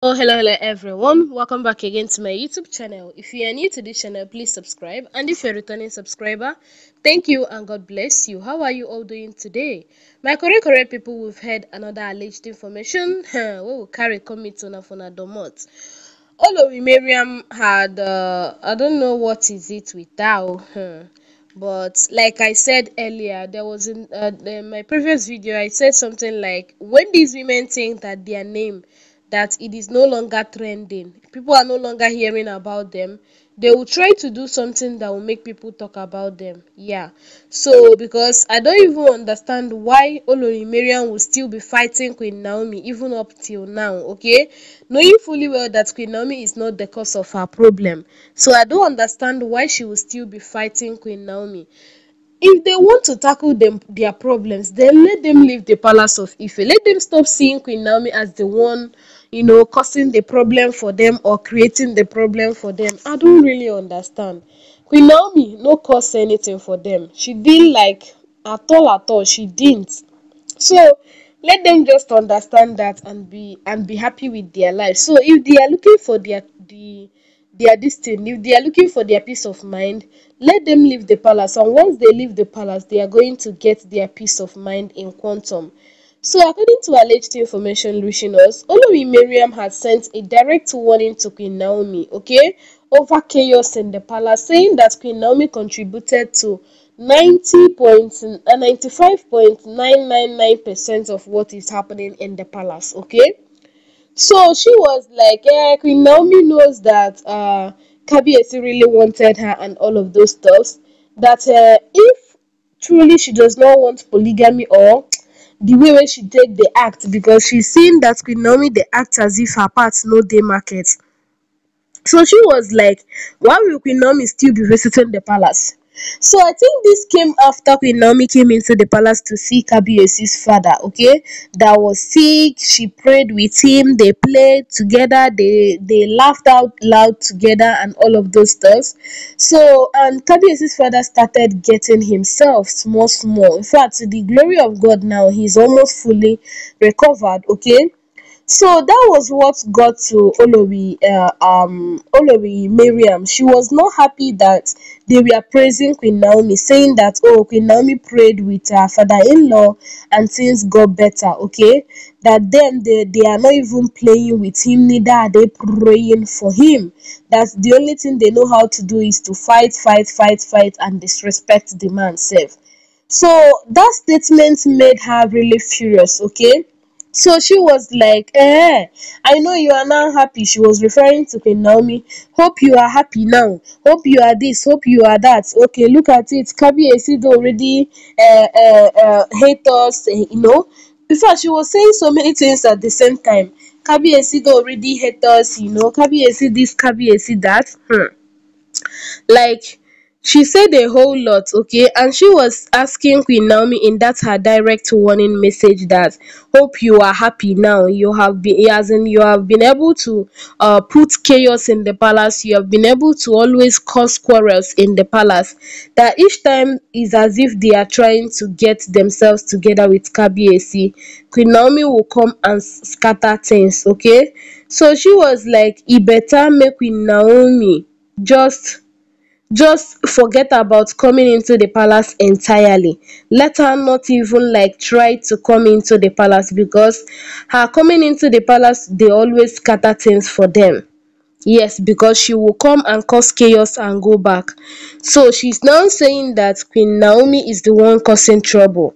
oh hello hello everyone welcome back again to my youtube channel if you are new to this channel please subscribe and if you're a returning subscriber thank you and god bless you how are you all doing today my correct correct people we've heard another alleged information we will carry commit on All domot you, Miriam had uh, I don't know what is it with that oh, but like i said earlier there was in, uh, in my previous video i said something like when these women think that their name that it is no longer trending. People are no longer hearing about them. They will try to do something that will make people talk about them. Yeah. So because I don't even understand why Olori will still be fighting Queen Naomi even up till now. Okay, knowing fully well that Queen Naomi is not the cause of her problem, so I don't understand why she will still be fighting Queen Naomi if they want to tackle them their problems then let them leave the palace of ife let them stop seeing queen naomi as the one you know, causing the problem for them or creating the problem for them. I don't really understand. Queen Naomi no cause anything for them. She didn't like at all at all. She didn't. So let them just understand that and be and be happy with their life. So if they are looking for their the their destiny, if they are looking for their peace of mind, let them leave the palace. And once they leave the palace, they are going to get their peace of mind in quantum. So, according to alleged information reaching us, Miriam had sent a direct warning to Queen Naomi, okay, over chaos in the palace, saying that Queen Naomi contributed to 95.999% uh, of what is happening in the palace, okay? So she was like, "Yeah, Queen Naomi knows that uh, Kabiesi really wanted her and all of those stuff. That uh, if truly she does not want polygamy or the way when she take the act because she seen that Queen Naomi the act as if her parts no day market. So she was like, why will Queen Naomi still be visiting the palace? So I think this came after Queen Naomi came into the palace to see Kabiesi's father, okay, that was sick. She prayed with him, they played together, they they laughed out loud together and all of those stuff. So and Kabiesi's father started getting himself small small. In fact, to the glory of God now, he's almost fully recovered, okay so that was what got to Olori uh, um Olori Miriam. She was not happy that they were praising Queen Naomi, saying that oh Queen Naomi prayed with her father-in-law and things got better. Okay, that then they, they are not even playing with him, neither are they praying for him. That the only thing they know how to do is to fight, fight, fight, fight, and disrespect the man self. So that statement made her really furious, okay? So she was like, Eh, I know you are now happy. She was referring to Queen Naomi. Hope you are happy now. Hope you are this. Hope you are that. Okay, look at it. Kabi Esido already uh, uh, uh, hate us, uh, you know. Before she was saying so many things at the same time. Kabi Esido already hate us, you know. Kabi Esi this, Kabi Esi that. Hmm. Like, she said a whole lot, okay? And she was asking Queen Naomi in that her direct warning message that hope you are happy now. You have been as in you have been able to uh put chaos in the palace, you have been able to always cause quarrels in the palace. That each time is as if they are trying to get themselves together with K B A C. Queen Naomi will come and scatter things, okay? So she was like, it better make Queen Naomi just just forget about coming into the palace entirely let her not even like try to come into the palace because her coming into the palace they always scatter things for them yes because she will come and cause chaos and go back so she's now saying that queen naomi is the one causing trouble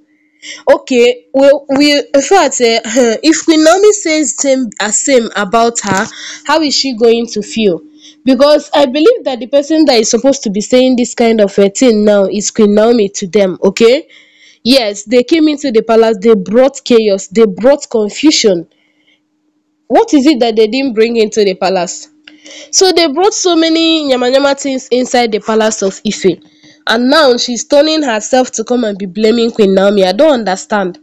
okay well, we in fact eh, if Queen Naomi says same as uh, same about her, how is she going to feel? Because I believe that the person that is supposed to be saying this kind of a thing now is Queen Naomi to them, okay? Yes, they came into the palace, they brought chaos, they brought confusion. What is it that they didn't bring into the palace? So they brought so many nyama nyama things inside the palace of Ife. And now she's turning herself to come and be blaming Queen Naomi. I don't understand.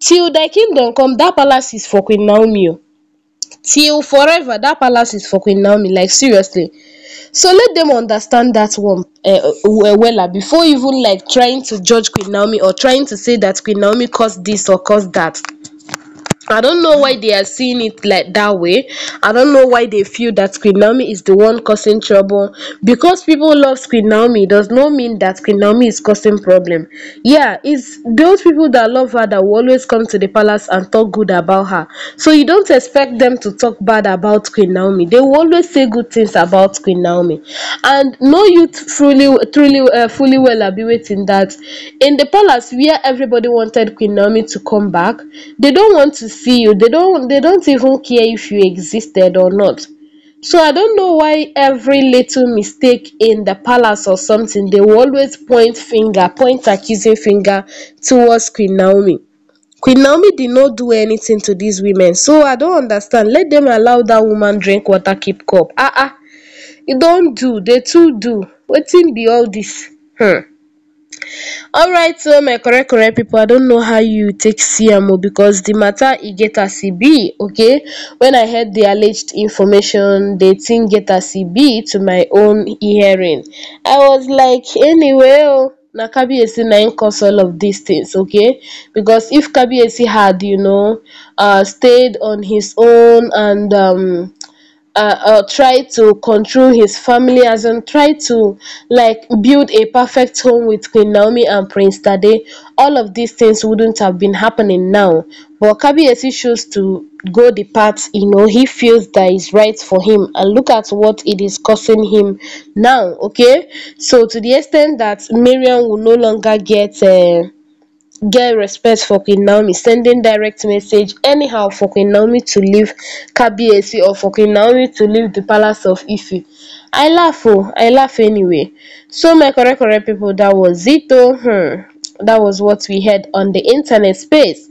Till the kingdom come, that palace is for Queen Naomi. Oh. Till forever, that palace is for Queen Naomi. Like, seriously. So let them understand that one uh, eh, eh, eh, well before even like trying to judge Queen Naomi or trying to say that Queen Naomi caused this or caused that. I don't know why they are seeing it like that way. I don't know why they feel that Queen Naomi is the one causing trouble. Because people love Queen Naomi does not mean that Queen Naomi is causing problem. Yeah, it's those people that love her that will always come to the palace and talk good about her. So you don't expect them to talk bad about Queen Naomi. They will always say good things about Queen Naomi. And no youth truly, truly, uh, fully well are be waiting that in the palace where everybody wanted Queen Naomi to come back, they don't want to feel they don't they don't even care if you existed or not so i don't know why every little mistake in the palace or something they will always point finger point accusing finger towards queen naomi queen naomi did not do anything to these women so i don't understand let them allow that woman drink water keep cup ah uh ah -uh. you don't do they too do in be all this hmm. Alright so my correct correct people, I don't know how you take CMO because the matter e get a CB, okay When I heard the alleged information did thing get a CB to my own hearing I was like anyway oh na kabiyesi nine cause all of these things okay because if kabiyesi had you know um stayed on his own and um uh, uh, try to control his family as in try to like build a perfect home with Queen Naomi and Prince Tade, all of these things wouldn't have been happening now. But Kabiyesi chose to go the path you know he feels that is right for him and look at what it is costing him now okay so to the extent that miriam will no longer get uh, get respect for Queen Naomi, sending direct message anyhow for Queen Naomi to leave Kabiesi or for Queen Naomi to leave the palace of Ife. I laugh, oh, I laugh anyway. So my correct, correct people, that was it, oh, hmm that was what we heard on the internet space.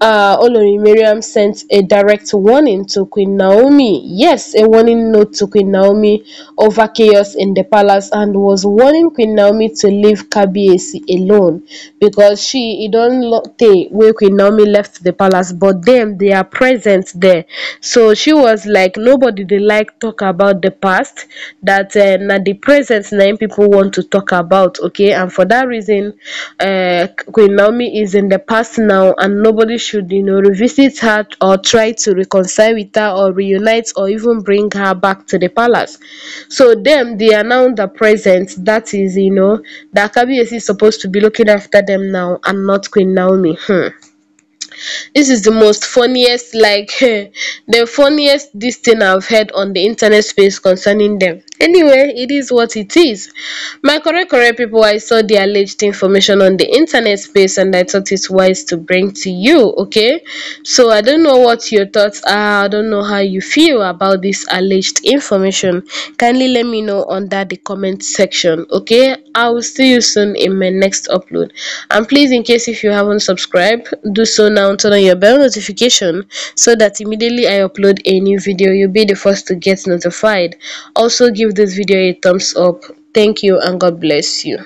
Uh, Olori Miriam sent a direct warning to Queen Naomi. Yes, a warning note to Queen Naomi over chaos in the palace and was warning Queen Naomi to leave Kabiesi alone because she it don't stay where Queen Naomi left the palace, but them they are present there. So she was like nobody they like talk about the past that uh, now the present nine people want to talk about. Okay, and for that reason, uh, Queen Naomi is in the past now and nobody should, you know, revisit her or try to reconcile with her or reunite or even bring her back to the palace. So them, they are now the present. That is, you know, the Akabi is supposed to be looking after them now and not Queen Naomi. Hmm. This is the most funniest, like, the funniest this thing I've heard on the internet space concerning them. Anyway, it is what it is. My correct, correct people, I saw the alleged information on the internet space and I thought it's wise to bring to you, okay? So I don't know what your thoughts are. I don't know how you feel about this alleged information. Kindly let me know under the comment section, okay? I will see you soon in my next upload. And please, in case if you haven't subscribed, do so now down, turn on your bell notification so that immediately I upload a new video, you'll be the first to get notified. Also give this video a thumbs up. Thank you and God bless you.